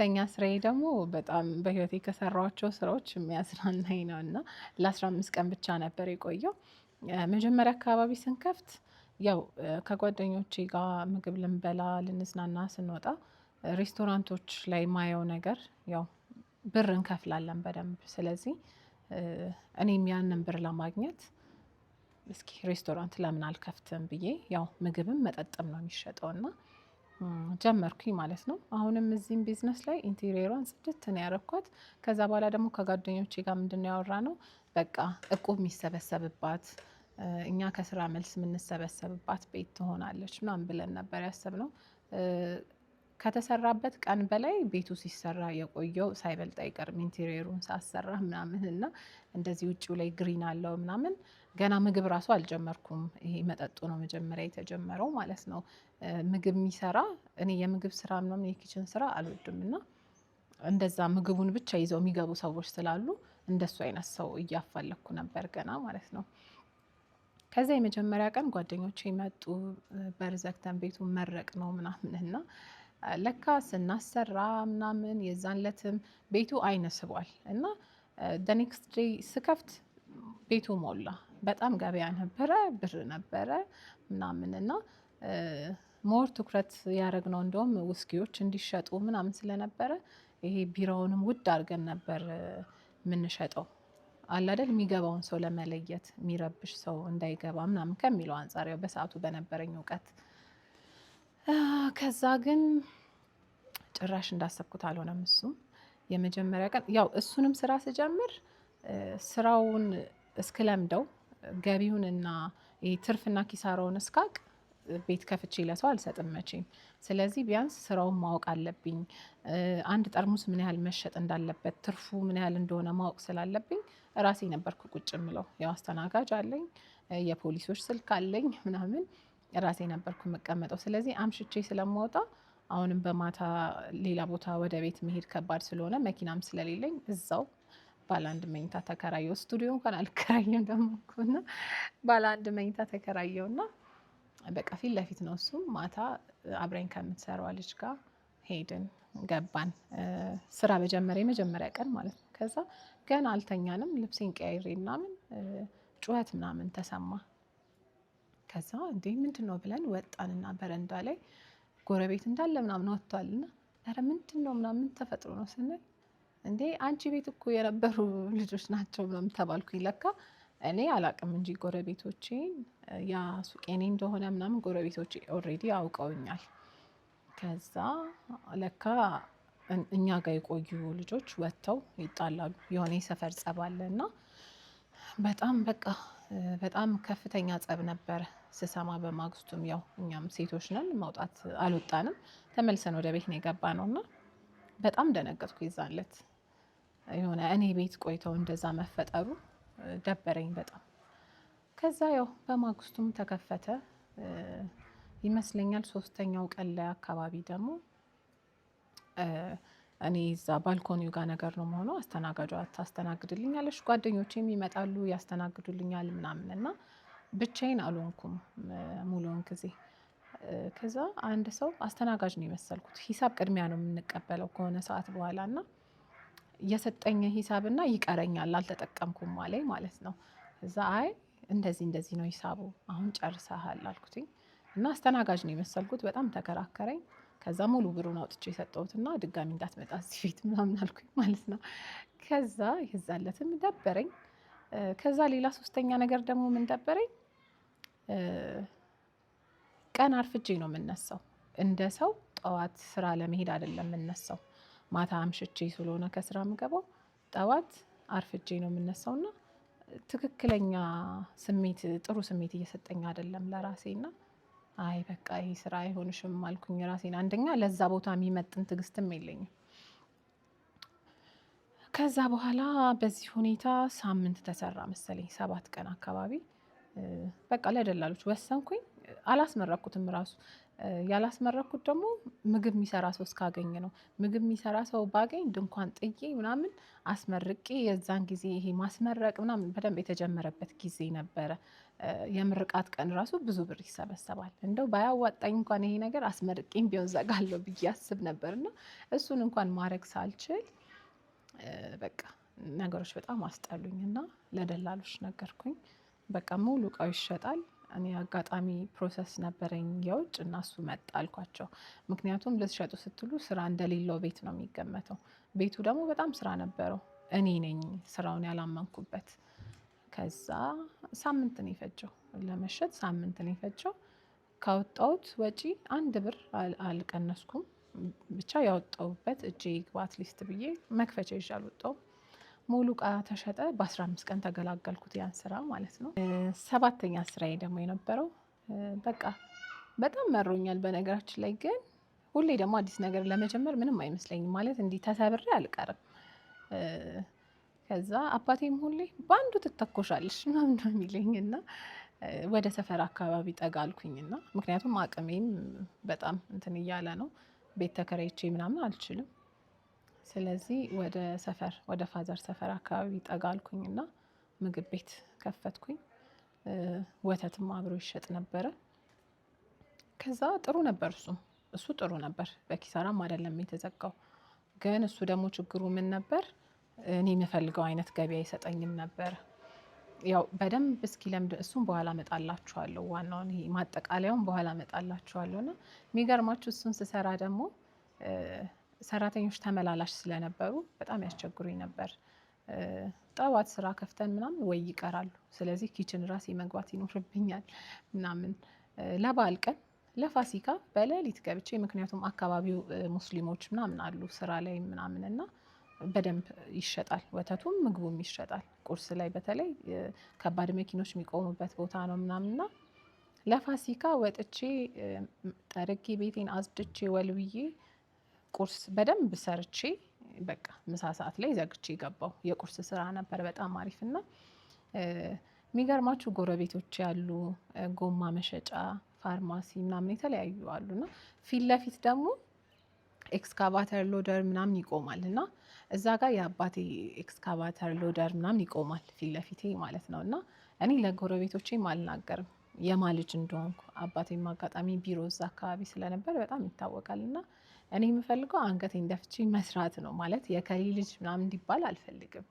አምስተኛ ስራዬ ደግሞ በጣም በህይወቴ ከሰራኋቸው ስራዎች የሚያዝናናኝ ነው እና ለአስራ አምስት ቀን ብቻ ነበር የቆየው። መጀመሪያ አካባቢ ስንከፍት ያው ከጓደኞቼ ጋር ምግብ ልንበላ ልንዝናና ስንወጣ ሬስቶራንቶች ላይ የማየው ነገር ያው ብር እንከፍላለን በደንብ ስለዚህ እኔም ያንን ብር ለማግኘት እስኪ ሬስቶራንት ለምን አልከፍትም ብዬ ያው ምግብም መጠጥም ነው የሚሸጠው እና ጀመርኩኝ ማለት ነው። አሁንም እዚህም ቢዝነስ ላይ ኢንቴሪየሯን ጽድት ነው ያረኳት። ከዛ በኋላ ደግሞ ከጓደኞቼ ጋር ነው ያወራ ነው በቃ እቁብ የሚሰበሰብባት እኛ ከስራ መልስ የምንሰበሰብባት ቤት ትሆናለች ምናምን ብለን ነበር ያሰብነው። ከተሰራበት ቀን በላይ ቤቱ ሲሰራ የቆየው ሳይበልጥ አይቀርም። ኢንቴሪየሩን ሳሰራ ምናምን እና እንደዚህ ውጭው ላይ ግሪን አለው ምናምን። ገና ምግብ ራሱ አልጀመርኩም። ይሄ መጠጡ ነው መጀመሪያ የተጀመረው ማለት ነው። ምግብ የሚሰራ እኔ የምግብ ስራ ምናምን የኪችን ስራ አልወድም እና እንደዛ ምግቡን ብቻ ይዘው የሚገቡ ሰዎች ስላሉ እንደሱ አይነት ሰው እያፋለኩ ነበር ገና ማለት ነው። ከዚያ የመጀመሪያ ቀን ጓደኞቼ መጡ። በርዘግተን ቤቱን መረቅ ነው ምናምን እና ለካ ስናሰራ ምናምን የዛን ለትም ቤቱ አይነ ስቧል እና ደኔክስት ዴይ ስከፍት ቤቱ ሞላ። በጣም ገበያ ነበረ፣ ብር ነበረ ምናምን እና ሞር ትኩረት ያደረግነው እንደውም ውስኪዎች እንዲሸጡ ምናምን ስለነበረ ይሄ ቢራውንም ውድ አድርገን ነበር የምንሸጠው። አላደል የሚገባውን ሰው ለመለየት የሚረብሽ ሰው እንዳይገባ ምናምን ከሚለው አንጻር ያው በሰዓቱ በነበረኝ እውቀት ከዛ ግን ጭራሽ እንዳሰብኩት አልሆነም። እሱም የመጀመሪያ ቀን ያው እሱንም ስራ ስጀምር ስራውን እስክለምደው ገቢውንና ትርፍና ኪሳራውን እስካቅ ቤት ከፍቼ ለሰው አልሰጥም መቼም። ስለዚህ ቢያንስ ስራውን ማወቅ አለብኝ። አንድ ጠርሙስ ምን ያህል መሸጥ እንዳለበት፣ ትርፉ ምን ያህል እንደሆነ ማወቅ ስላለብኝ ራሴ ነበርኩ ቁጭ ምለው። ያው አስተናጋጅ አለኝ፣ የፖሊሶች ስልክ አለኝ ምናምን ራሴ ነበርኩ የምቀመጠው። ስለዚህ አምሽቼ ስለማወጣ አሁንም በማታ ሌላ ቦታ ወደ ቤት መሄድ ከባድ ስለሆነ መኪናም ስለሌለኝ እዛው ባለ አንድ መኝታ ተከራየው። ስቱዲዮ እንኳን አልከራየም ደግሞ እና ባለ አንድ መኝታ ተከራየውና በቃ ፊት ለፊት ነው እሱም። ማታ አብረኝ ከምትሰራዋ ልጅ ጋር ሄድን ገባን። ስራ በጀመረ የመጀመሪያ ቀን ማለት ነው። ከዛ ገና አልተኛንም። ልብሴን ቀያይሬ ምናምን ጩኸት ምናምን ተሰማ። ከዛ እንዴ ምንድን ነው ብለን ወጣንና በረንዳ ላይ ጎረቤት እንዳለ ምናምን ወጥቷልና ኧረ ምንድን ነው ምናምን ተፈጥሮ ነው ስንል እንዴ አንቺ ቤት እኮ የነበሩ ልጆች ናቸው ምናምን ተባልኩኝ። ለካ እኔ አላቅም እንጂ ጎረቤቶቼ ያ ሱቅ የኔ እንደሆነ ምናምን ጎረቤቶቼ ኦልሬዲ አውቀውኛል። ከዛ ለካ እኛ ጋር የቆዩ ልጆች ወጥተው ይጣላሉ። የሆነ የሰፈር ጸብ አለ እና በጣም በቃ በጣም ከፍተኛ ጸብ ነበረ። ስሰማ በማግስቱም ያው እኛም ሴቶች ነን መውጣት አልወጣንም፣ ተመልሰን ወደ ቤት ነው የገባ ነው እና በጣም ደነገጥኩ። ይዛለት የሆነ እኔ ቤት ቆይተው እንደዛ መፈጠሩ ደበረኝ በጣም። ከዛ ያው በማግስቱም ተከፈተ ይመስለኛል። ሶስተኛው ቀን ላይ አካባቢ ደግሞ እኔ እዛ ባልኮኒው ጋር ነገር ነው መሆኑ አስተናጋጇ ታስተናግድልኛለች፣ ጓደኞቼም ይመጣሉ ያስተናግዱልኛል ምናምን እና ብቻዬን አልሆንኩም ሙሉውን ጊዜ። ከዛ አንድ ሰው አስተናጋጅ ነው የመሰልኩት። ሂሳብ ቅድሚያ ነው የምንቀበለው ከሆነ ሰዓት በኋላ እና የሰጠኝ ሂሳብና ይቀረኛል አልተጠቀምኩም አለኝ ማለት ነው። እዛ አይ እንደዚህ እንደዚህ ነው ሂሳቡ አሁን ጨርሰሃል አልኩትኝ እና አስተናጋጅ ነው የመሰልኩት። በጣም ተከራከረኝ። ከዛ ሙሉ ብሩን አውጥቼ የሰጠሁትና ድጋሚ እንዳትመጣ እዚህ ቤት ምናምን አልኩኝ ማለት ነው። ከዛ የዛለትም ደበረኝ። ከዛ ሌላ ሶስተኛ ነገር ደግሞ ምን ደበረኝ፣ ቀን አርፍጄ ነው የምነሳው። እንደ ሰው ጠዋት ስራ ለመሄድ አይደለም የምነሳው፣ ማታ አምሽቼ ስለሆነ ከስራ ምገባው፣ ጠዋት አርፍጄ ነው የምነሳው እና ትክክለኛ ስሜት ጥሩ ስሜት እየሰጠኝ አይደለም ለራሴና አይ በቃ ይህ ስራ አይሆንሽም አልኩኝ ራሴን። አንደኛ ለዛ ቦታ የሚመጥን ትዕግስትም የለኝም። ከዛ በኋላ በዚህ ሁኔታ ሳምንት ተሰራ መሰለኝ፣ ሰባት ቀን አካባቢ በቃ ለደላሎች ወሰንኩኝ። አላስመረኩትም ራሱ ያላስመረኩት ደግሞ ምግብ የሚሰራ ሰው እስካገኝ ነው። ምግብ የሚሰራ ሰው ባገኝ ድንኳን ጥዬ ምናምን አስመርቄ፣ የዛን ጊዜ ይሄ ማስመረቅ ምናምን በደንብ የተጀመረበት ጊዜ ነበረ። የምርቃት ቀን ራሱ ብዙ ብር ይሰበሰባል። እንደው ባያዋጣኝ እንኳን ይሄ ነገር አስመርቄም ቢሆን ዘጋለሁ ብዬ አስብ ነበርና እሱን እንኳን ማድረግ ሳልችል በቃ ነገሮች በጣም አስጠሉኝ እና ለደላሎች ነገርኩኝ። በቃ ሙሉ እቃው ይሸጣል። እኔ አጋጣሚ ፕሮሰስ ነበረኝ የውጭ እና እሱ መጣ አልኳቸው። ምክንያቱም ልትሸጡ ስትሉ ስራ እንደሌለው ቤት ነው የሚገመተው። ቤቱ ደግሞ በጣም ስራ ነበረው። እኔ ነኝ ስራውን ያላመንኩበት። ከዛ ሳምንት ነው የፈጀው ለመሸጥ፣ ሳምንት ነው የፈጀው። ካወጣሁት ወጪ አንድ ብር አልቀነስኩም። ብቻ ያወጣውበት እጅ ይግባ አትሊስት ብዬ መክፈቻ ይዤ አልወጣውም። ሙሉ እቃ ተሸጠ። በ15 ቀን ተገላገልኩት ያን ስራ ማለት ነው። ሰባተኛ ስራዬ ደግሞ የነበረው በቃ በጣም መሮኛል። በነገራችን ላይ ግን ሁሌ ደግሞ አዲስ ነገር ለመጀመር ምንም አይመስለኝም ማለት እንዲህ ተሰብሬ አልቀርም። ከዛ አባቴም ሁሌ በአንዱ ትተኮሻለሽ ምናምን ነው የሚለኝ እና ወደ ሰፈር አካባቢ ጠጋ አልኩኝና ምክንያቱም አቅሜም በጣም እንትን እያለ ነው ቤት ተከራይቼ ምናምን አልችልም። ስለዚህ ወደ ሰፈር ወደ ፋዘር ሰፈር አካባቢ ጠጋ አልኩኝና ምግብ ቤት ከፈትኩኝ። ወተትም አብሮ ይሸጥ ነበረ። ከዛ ጥሩ ነበር እሱ እሱ ጥሩ ነበር፣ በኪሳራም አይደለም የተዘጋው። ግን እሱ ደግሞ ችግሩ ምን ነበር፣ እኔ የምፈልገው አይነት ገቢ አይሰጠኝም ነበር። ያው በደንብ እስኪ ለምድ እሱን በኋላ መጣላችኋለሁ። ዋናውን ይሄ ማጠቃለያውን በኋላ መጣላችኋለሁ። እና የሚገርማችሁ እሱን ስሰራ ደግሞ ሰራተኞች ተመላላሽ ስለነበሩ በጣም ያስቸግሩኝ ነበር። ጠዋት ስራ ከፍተን ምናምን ወይ ይቀራሉ፣ ስለዚህ ኪችን ራሴ መግባት ይኖርብኛል ምናምን። ለበዓል ቀን ለፋሲካ በሌሊት ገብቼ ምክንያቱም አካባቢው ሙስሊሞች ምናምን አሉ ስራ ላይ ምናምን እና በደንብ ይሸጣል። ወተቱም ምግቡም ይሸጣል። ቁርስ ላይ በተለይ ከባድ መኪኖች የሚቆሙበት ቦታ ነው ምናምንና ለፋሲካ ወጥቼ ጠርጌ ቤቴን አጽድቼ ወልብዬ ቁርስ በደንብ ሰርቼ በቃ ምሳ ሰዓት ላይ ዘግቼ ገባው። የቁርስ ስራ ነበር በጣም አሪፍ እና የሚገርማችሁ ጎረቤቶች ያሉ ጎማ መሸጫ ፋርማሲ ምናምን የተለያዩ አሉ አሉና ፊት ለፊት ደግሞ ኤክስካቫተር ሎደር ምናምን ይቆማል እና እዛ ጋር የአባቴ ኤክስካቫተር ሎደር ምናምን ይቆማል ፊት ለፊቴ ማለት ነው። እና እኔ ለጎረቤቶቼ አልናገርም የማ ልጅ እንደሆንኩ። አባቴም አጋጣሚ ቢሮ እዛ አካባቢ ስለነበር በጣም ይታወቃል። እና እኔ የምፈልገው አንገቴን ደፍቼ መስራት ነው ማለት የከሌ ልጅ ምናምን እንዲባል አልፈልግም።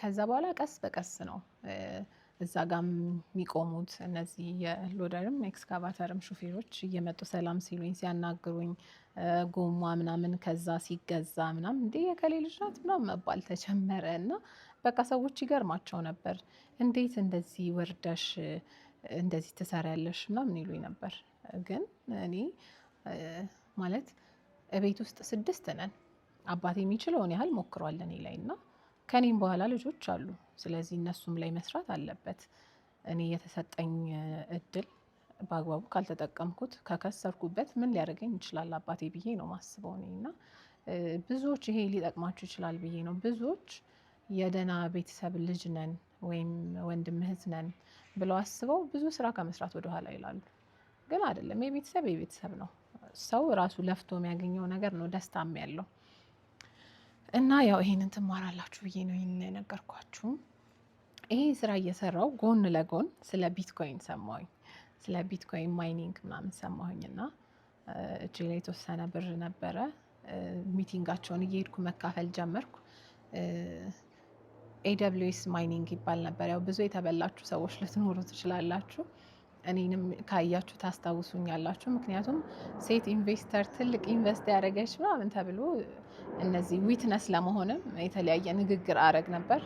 ከዛ በኋላ ቀስ በቀስ ነው እዛ ጋር የሚቆሙት እነዚህ የሎደርም ኤክስካቫተርም ሹፌሮች እየመጡ ሰላም ሲሉኝ ሲያናግሩኝ ጎማ ምናምን ከዛ ሲገዛ ምናምን እንዴ የከሌ ልጅ ናት ምናምን መባል ተጀመረ እና በቃ ሰዎች ይገርማቸው ነበር። እንዴት እንደዚህ ወርደሽ እንደዚህ ትሰሪያለሽ ምናምን ይሉኝ ነበር። ግን እኔ ማለት እቤት ውስጥ ስድስት ነን። አባት የሚችለውን ያህል ሞክሯል እኔ ላይ እና ከኔም በኋላ ልጆች አሉ። ስለዚህ እነሱም ላይ መስራት አለበት። እኔ የተሰጠኝ እድል በአግባቡ ካልተጠቀምኩት ከከሰርኩበት ምን ሊያደርገኝ ይችላል አባቴ ብዬ ነው ማስበው እኔ እና ብዙዎች ይሄ ሊጠቅማችሁ ይችላል ብዬ ነው። ብዙዎች የደህና ቤተሰብ ልጅ ነን ወይም ወንድም እህት ነን ብለው አስበው ብዙ ስራ ከመስራት ወደኋላ ይላሉ። ግን አይደለም። የቤተሰብ የቤተሰብ ነው። ሰው ራሱ ለፍቶ የሚያገኘው ነገር ነው ደስታም ያለው እና ያው ይሄንን ትማራላችሁ ብዬ ነው ይህን የነገርኳችሁ። ይሄ ስራ እየሰራው ጎን ለጎን ስለ ቢትኮይን ሰማሁኝ። ስለ ቢትኮይን ማይኒንግ ምናምን ሰማሁኝና እጅ ላይ የተወሰነ ብር ነበረ። ሚቲንጋቸውን እየሄድኩ መካፈል ጀመርኩ። ኤደብሊውኤስ ማይኒንግ ይባል ነበር። ያው ብዙ የተበላችሁ ሰዎች ልትኖሩ ትችላላችሁ። እኔንም ካያችሁ ታስታውሱኛላችሁ። ምክንያቱም ሴት ኢንቨስተር ትልቅ ኢንቨስት ያደረገች ምናምን ተብሎ እነዚህ ዊትነስ ለመሆንም የተለያየ ንግግር አረግ ነበር።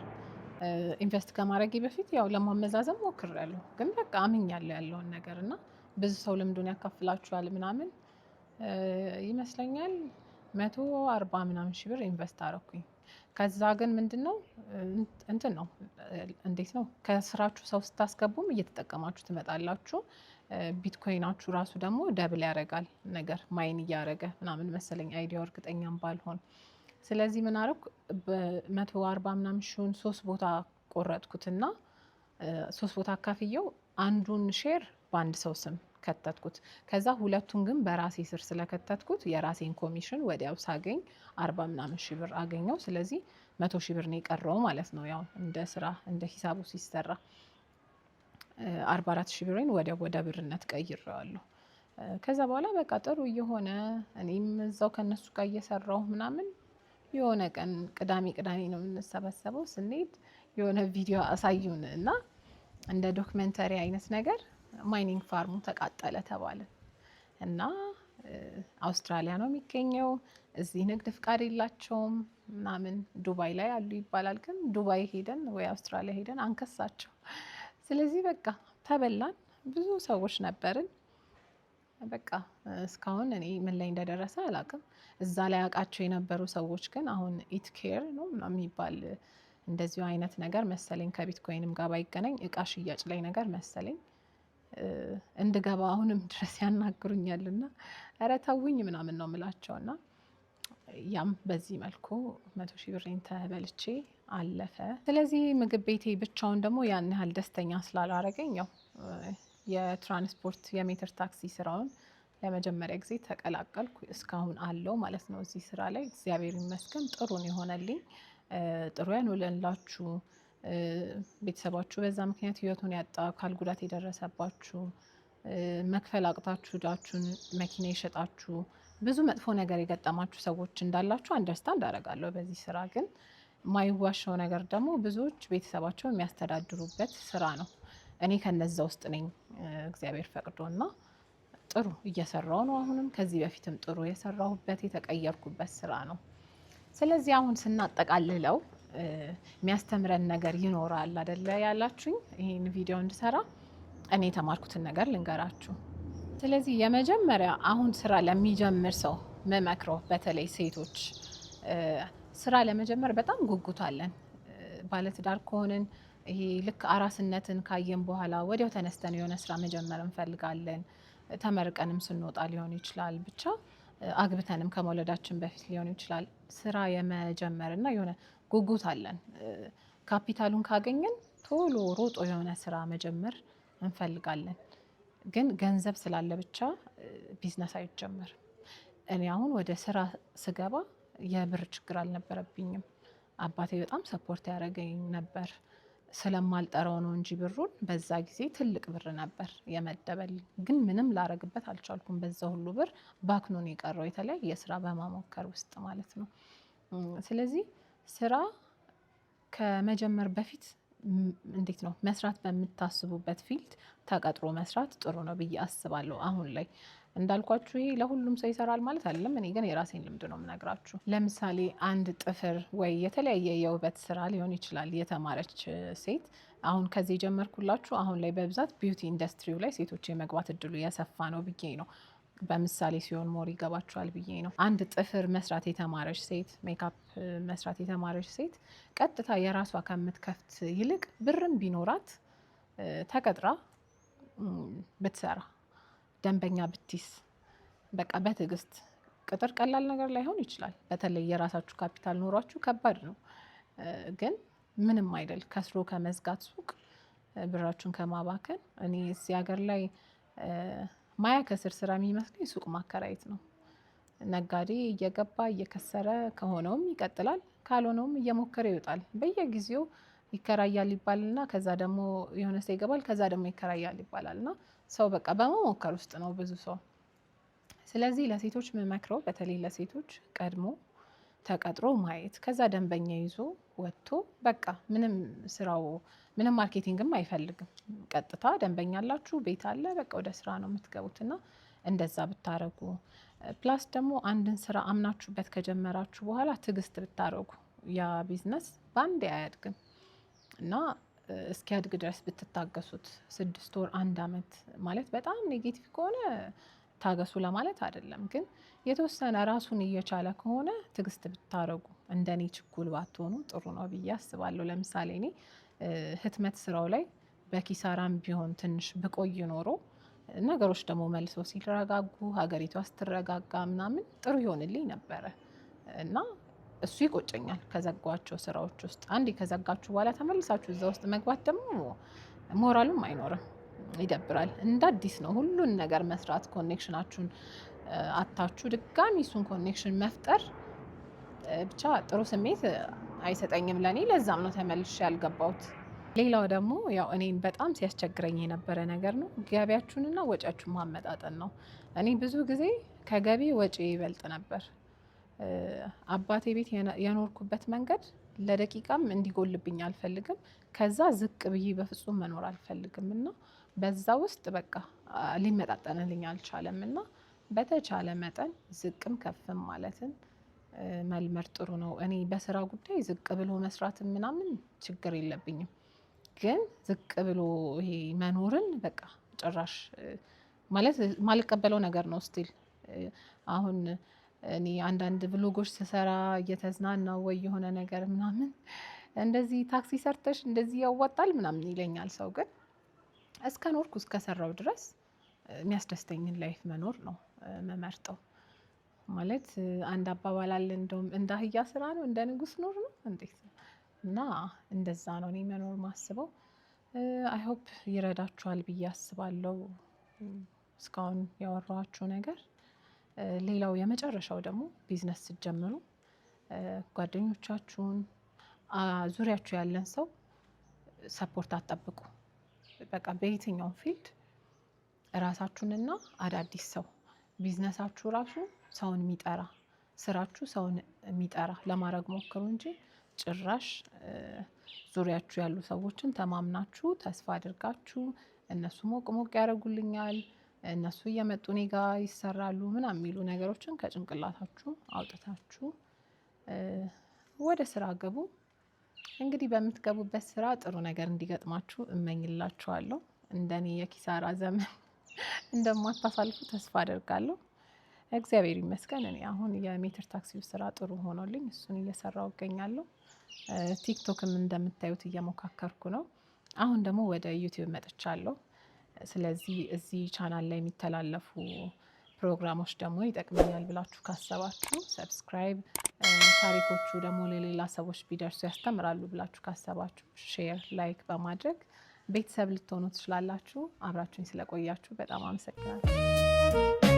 ኢንቨስት ከማድረጌ በፊት ያው ለማመዛዘን ሞክሬያለሁ፣ ግን በቃ አምኛለሁ ያለውን ነገር እና ብዙ ሰው ልምዱን ያካፍላችኋል ምናምን ይመስለኛል መቶ አርባ ምናምን ሺ ብር ኢንቨስት አረኩኝ። ከዛ ግን ምንድን ነው እንትን ነው እንዴት ነው ከስራችሁ ሰው ስታስገቡም እየተጠቀማችሁ ትመጣላችሁ። ቢትኮይናችሁ ራሱ ደግሞ ደብል ያደርጋል ነገር ማይን እያደረገ ምናምን መሰለኝ አይዲያው እርግጠኛም ባልሆን ስለዚህ ምን አረኩ በመቶ አርባ ምናምን ሺውን ሶስት ቦታ ቆረጥኩትና ሶስት ቦታ አካፍየው አንዱን ሼር በአንድ ሰው ስም ከተትኩት። ከዛ ሁለቱን ግን በራሴ ስር ስለከተትኩት የራሴን ኮሚሽን ወዲያው ሳገኝ አርባ ምናምን ሺ ብር አገኘው። ስለዚህ መቶ ሺ ብር ነው የቀረው ማለት ነው። ያው እንደ ስራ እንደ ሂሳቡ ሲሰራ አርባ አራት ሺ ብሬን ወዲያው ወደ ብርነት ቀይሬዋለሁ። ከዛ በኋላ በቃ ጥሩ እየሆነ እኔም እዛው ከነሱ ጋር እየሰራው ምናምን የሆነ ቀን ቅዳሜ ቅዳሜ ነው የምንሰበሰበው። ስንሄድ የሆነ ቪዲዮ አሳዩን እና እንደ ዶክመንተሪ አይነት ነገር ማይኒንግ ፋርሙ ተቃጠለ ተባለ እና አውስትራሊያ ነው የሚገኘው። እዚህ ንግድ ፍቃድ የላቸውም ምናምን ዱባይ ላይ አሉ ይባላል። ግን ዱባይ ሄደን ወይ አውስትራሊያ ሄደን አንከሳቸው። ስለዚህ በቃ ተበላን። ብዙ ሰዎች ነበርን። በቃ እስካሁን እኔ ምን ላይ እንደደረሰ አላውቅም። እዛ ላይ አውቃቸው የነበሩ ሰዎች ግን አሁን ኢት ኬር ነው የሚባል እንደዚሁ አይነት ነገር መሰለኝ ከቢትኮይንም ጋር ባይገናኝ እቃ ሽያጭ ላይ ነገር መሰለኝ እንድገባ አሁንም ድረስ ያናግሩኛል እና ኧረ ተውኝ ምናምን ነው የምላቸው እና ያም በዚህ መልኩ መቶ ሺህ ብሬን ተበልቼ አለፈ። ስለዚህ ምግብ ቤቴ ብቻውን ደግሞ ያን ያህል ደስተኛ ስላላረገኝ ያው የትራንስፖርት የሜትር ታክሲ ስራውን ለመጀመሪያ ጊዜ ተቀላቀልኩ። እስካሁን አለው ማለት ነው። እዚህ ስራ ላይ እግዚአብሔር ይመስገን ጥሩን የሆነልኝ ጥሩ ያኖለንላችሁ ቤተሰባችሁ በዛ ምክንያት ህይወቱን ያጣ አካል ጉዳት የደረሰባችሁ መክፈል አቅታችሁ ዳችሁን መኪና የሸጣችሁ ብዙ መጥፎ ነገር የገጠማችሁ ሰዎች እንዳላችሁ አንደርስታንድ አደርጋለሁ። በዚህ ስራ ግን ማይዋሻው ነገር ደግሞ ብዙዎች ቤተሰባቸው የሚያስተዳድሩበት ስራ ነው። እኔ ከነዛ ውስጥ ነኝ። እግዚአብሔር ፈቅዶና ጥሩ እየሰራው ነው። አሁንም ከዚህ በፊትም ጥሩ የሰራሁበት የተቀየርኩበት ስራ ነው። ስለዚህ አሁን ስናጠቃልለው የሚያስተምረን ነገር ይኖራል አደለ ያላችሁኝ። ይህን ቪዲዮ እንድሰራ እኔ የተማርኩትን ነገር ልንገራችሁ። ስለዚህ የመጀመሪያ አሁን ስራ ለሚጀምር ሰው መመክረው በተለይ ሴቶች ስራ ለመጀመር በጣም ጉጉት አለን። ባለትዳር ከሆንን ይሄ ልክ አራስነትን ካየን በኋላ ወዲያው ተነስተን የሆነ ስራ መጀመር እንፈልጋለን። ተመርቀንም ስንወጣ ሊሆን ይችላል፣ ብቻ አግብተንም ከመውለዳችን በፊት ሊሆን ይችላል። ስራ የመጀመርና የሆነ ጉጉት አለን። ካፒታሉን ካገኘን ቶሎ ሮጦ የሆነ ስራ መጀመር እንፈልጋለን። ግን ገንዘብ ስላለ ብቻ ቢዝነስ አይጀመርም። እኔ አሁን ወደ ስራ ስገባ የብር ችግር አልነበረብኝም። አባቴ በጣም ሰፖርት ያደረገኝ ነበር። ስለማልጠረው ነው እንጂ ብሩን በዛ ጊዜ ትልቅ ብር ነበር የመደበልኝ። ግን ምንም ላረግበት አልቻልኩም። በዛ ሁሉ ብር ባክኖን የቀረው የተለያየ ስራ በማሞከር ውስጥ ማለት ነው። ስለዚህ ስራ ከመጀመር በፊት እንዴት ነው መስራት በምታስቡበት ፊልድ ተቀጥሮ መስራት ጥሩ ነው ብዬ አስባለሁ አሁን ላይ እንዳልኳችሁ ይሄ ለሁሉም ሰው ይሰራል ማለት አይደለም። እኔ ግን የራሴን ልምድ ነው የምነግራችሁ። ለምሳሌ አንድ ጥፍር ወይ የተለያየ የውበት ስራ ሊሆን ይችላል የተማረች ሴት አሁን ከዚህ ጀመርኩላችሁ አሁን ላይ በብዛት ቢዩቲ ኢንዱስትሪው ላይ ሴቶች የመግባት እድሉ የሰፋ ነው ብዬ ነው በምሳሌ ሲሆን ሞር ይገባችኋል ብዬ ነው። አንድ ጥፍር መስራት የተማረች ሴት፣ ሜካፕ መስራት የተማረች ሴት ቀጥታ የራሷ ከምትከፍት ይልቅ ብርም ቢኖራት ተቀጥራ ብትሰራ ደንበኛ ብትይዝ በቃ በትዕግስት ቅጥር ቀላል ነገር ላይሆን ይችላል። በተለይ የራሳችሁ ካፒታል ኖሯችሁ ከባድ ነው። ግን ምንም አይደል ከስሮ ከመዝጋት ሱቅ ብራችሁን ከማባከን እኔ እዚህ ሀገር ላይ ማያ ከስር ስራ የሚመስለኝ ሱቅ ማከራየት ነው። ነጋዴ እየገባ እየከሰረ ከሆነውም ይቀጥላል፣ ካልሆነውም እየሞከረ ይወጣል። በየጊዜው ይከራያል ይባልና ከዛ ደግሞ የሆነ ሰው ይገባል፣ ከዛ ደግሞ ይከራያል ይባላልና ሰው በቃ በመሞከር ውስጥ ነው ብዙ ሰው። ስለዚህ ለሴቶች የምመክረው በተለይ ለሴቶች ቀድሞ ተቀጥሮ ማየት ከዛ ደንበኛ ይዞ ወጥቶ በቃ ምንም ስራው ምንም ማርኬቲንግም አይፈልግም። ቀጥታ ደንበኛ አላችሁ፣ ቤት አለ፣ በቃ ወደ ስራ ነው የምትገቡት እና እንደዛ ብታረጉ ፕላስ ደግሞ አንድን ስራ አምናችሁበት ከጀመራችሁ በኋላ ትዕግስት ብታረጉ ያ ቢዝነስ በአንዴ አያድግም እና እስኪያድግ ድረስ ብትታገሱት ስድስት ወር አንድ አመት ማለት በጣም ኔጌቲቭ ከሆነ ታገሱ ለማለት አይደለም፣ ግን የተወሰነ ራሱን እየቻለ ከሆነ ትግስት ብታረጉ እንደኔ ችኩል ባትሆኑ ጥሩ ነው ብዬ አስባለሁ። ለምሳሌ እኔ ህትመት ስራው ላይ በኪሳራም ቢሆን ትንሽ ብቆይ ኖሮ ነገሮች ደግሞ መልሶ ሲረጋጉ ሀገሪቷ ስትረጋጋ ምናምን ጥሩ ይሆንልኝ ነበረ እና እሱ ይቆጨኛል። ከዘጓቸው ስራዎች ውስጥ አንድ ከዘጋችሁ በኋላ ተመልሳችሁ እዛ ውስጥ መግባት ደግሞ ሞራሉም አይኖርም፣ ይደብራል። እንደ አዲስ ነው ሁሉን ነገር መስራት። ኮኔክሽናችሁን አታችሁ ድጋሚ እሱን ኮኔክሽን መፍጠር ብቻ ጥሩ ስሜት አይሰጠኝም ለእኔ። ለዛም ነው ተመልሼ ያልገባሁት። ሌላው ደግሞ ያው እኔን በጣም ሲያስቸግረኝ የነበረ ነገር ነው ገቢያችሁንና ወጪያችሁን ማመጣጠን ነው። እኔ ብዙ ጊዜ ከገቢ ወጪ ይበልጥ ነበር አባቴ ቤት የኖርኩበት መንገድ ለደቂቃም እንዲጎልብኝ አልፈልግም። ከዛ ዝቅ ብዬ በፍጹም መኖር አልፈልግም እና በዛ ውስጥ በቃ ሊመጣጠንልኝ አልቻለም እና በተቻለ መጠን ዝቅም ከፍም ማለትን መልመድ ጥሩ ነው። እኔ በስራ ጉዳይ ዝቅ ብሎ መስራትን ምናምን ችግር የለብኝም፣ ግን ዝቅ ብሎ ይሄ መኖርን በቃ ጭራሽ ማለት ማልቀበለው ነገር ነው። ስቲል አሁን እኔ አንዳንድ ብሎጎች ስሰራ እየተዝናናው ወይ የሆነ ነገር ምናምን እንደዚህ ታክሲ ሰርተሽ እንደዚህ ያዋጣል ምናምን ይለኛል ሰው። ግን እስከ ኖርኩ እስከሰራው ድረስ የሚያስደስተኝን ላይፍ መኖር ነው መመርጠው። ማለት አንድ አባባል አለ እንደውም እንደ አህያ ስራ ነው እንደ ንጉስ ኖር ነው እንዴት ነው? እና እንደዛ ነው እኔ መኖር ማስበው። አይሆፕ ይረዳችኋል ብዬ አስባለሁ። እስካሁን ያወራኋችሁ ነገር ሌላው የመጨረሻው ደግሞ ቢዝነስ ስትጀምሩ ጓደኞቻችሁን፣ ዙሪያችሁ ያለን ሰው ሰፖርት አጠብቁ በቃ በየትኛውም ፊልድ እራሳችሁንና አዳዲስ ሰው ቢዝነሳችሁ ራሱ ሰውን የሚጠራ ስራችሁ ሰውን የሚጠራ ለማድረግ ሞክሩ እንጂ ጭራሽ ዙሪያችሁ ያሉ ሰዎችን ተማምናችሁ ተስፋ አድርጋችሁ እነሱ ሞቅ ሞቅ ያደርጉልኛል እነሱ እየመጡ እኔ ጋ ይሰራሉ ምናምን የሚሉ ነገሮችን ከጭንቅላታችሁ አውጥታችሁ ወደ ስራ ገቡ እንግዲህ በምትገቡበት ስራ ጥሩ ነገር እንዲገጥማችሁ እመኝላችኋለሁ። እንደኔ የኪሳራ ዘመን እንደማታሳልፉ ተስፋ አደርጋለሁ። እግዚአብሔር ይመስገን እኔ አሁን የሜትር ታክሲው ስራ ጥሩ ሆኖልኝ እሱን እየሰራው እገኛለሁ። ቲክቶክም እንደምታዩት እየሞካከርኩ ነው። አሁን ደግሞ ወደ ዩቲዩብ መጥቻለሁ። ስለዚህ እዚህ ቻናል ላይ የሚተላለፉ ፕሮግራሞች ደግሞ ይጠቅመኛል ብላችሁ ካሰባችሁ ሰብስክራይብ፣ ታሪኮቹ ደግሞ ለሌላ ሰዎች ቢደርሱ ያስተምራሉ ብላችሁ ካሰባችሁ ሼር፣ ላይክ በማድረግ ቤተሰብ ልትሆኑ ትችላላችሁ። አብራችሁኝ ስለቆያችሁ በጣም አመሰግናለሁ።